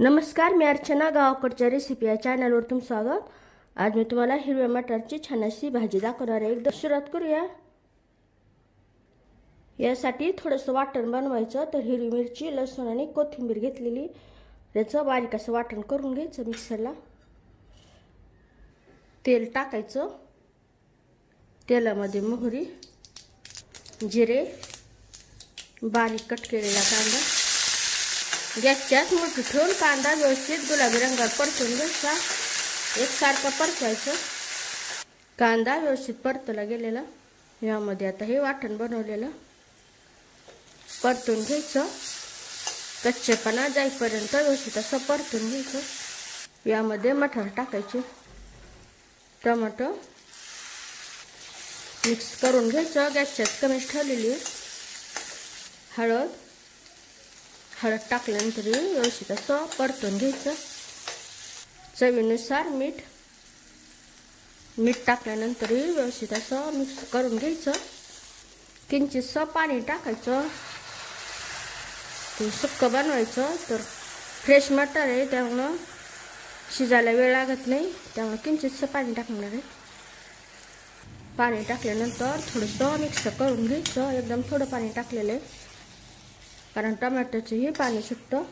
नमस्कार मी अर्चना गावाकडच्या रेसिपी या चॅनलवर तुम स्वागत आज मी तुम्हाला हिरव्या मटारची छान अशी भाजी दाखवणार आहे एकदा सुरुवात करूया यासाठी थोडंसं वाटण बनवायचं तर हिरवी मिरची लसूण आणि कोथिंबीर घेतलेली याचं बारीक असं वाटण करून घ्यायचं मिक्सरला तेल टाकायचं तेलामध्ये मोहरी जिरे बारीक कट केलेला कांदा गॅसच्यात मोठी ठेवून कांदा व्यवस्थित गुलाबी रंगात परतून घ्यायचा एकसारखा परतायचं कांदा व्यवस्थित परतला गेलेला यामध्ये आता हे वाटण बनवलेलं परतून घ्यायचं कच्चेपणा जाईपर्यंत व्यवस्थित असं परतून घ्यायचं यामध्ये मटार टाकायचे टमाटो मिक्स करून घ्यायचं गॅसच्यात कमी ठेवलेली हळद हळद टाकल्यानंतर व्यवस्थित असं परतून घ्यायचं चवीनुसार मीठ मीठ टाकल्यानंतर व्यवस्थित असं मिक्स करून घ्यायचं किंचितसं पाणी टाकायचं ते सुक्कं बनवायचं तर फ्रेश मटर आहे त्यामुळं शिजायला वेळ लागत नाही त्यामुळं किंचितसं पाणी टाकणार आहे पाणी टाकल्यानंतर थोडंसं मिक्स करून घ्यायचं एकदम थोडं पाणी टाकलेलं आहे कारण टमॅटोचंही पाणी सुटतं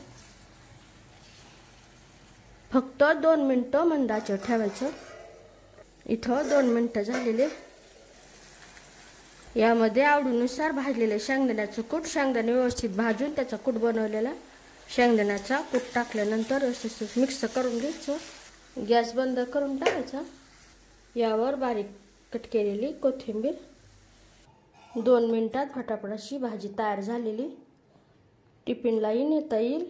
फक्त दोन मिनटं मंदाचं ठेवायचं इथं दोन मिनटं झालेले यामध्ये आवडीनुसार भाजलेले शेंगदाण्याचं कूट शेंगदाणे व्यवस्थित भाजून त्याचा कूट बनवलेला शेंगदाण्याचा कूट टाकल्यानंतर व्यवस्थित मिक्स करून घ्यायचं गॅस बंद करून टाकायचा यावर बारीक कट केलेली कोथिंबीर दोन मिनटात फटाफट अशी भाजी तयार झालेली टिफिनलाही नेता येईल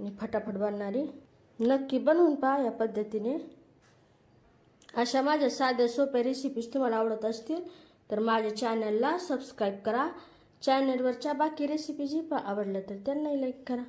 आणि फटाफट बनणारी नक्की बनवून पहा या पद्धतीने अशा माझ्या साध्या सोप्या रेसिपीज तुम्हाला आवडत असतील तर माझ्या चॅनलला सबस्क्राईब करा चॅनलवरच्या बाकी रेसिपीजी आवडल्या तर त्यांनाही लाईक करा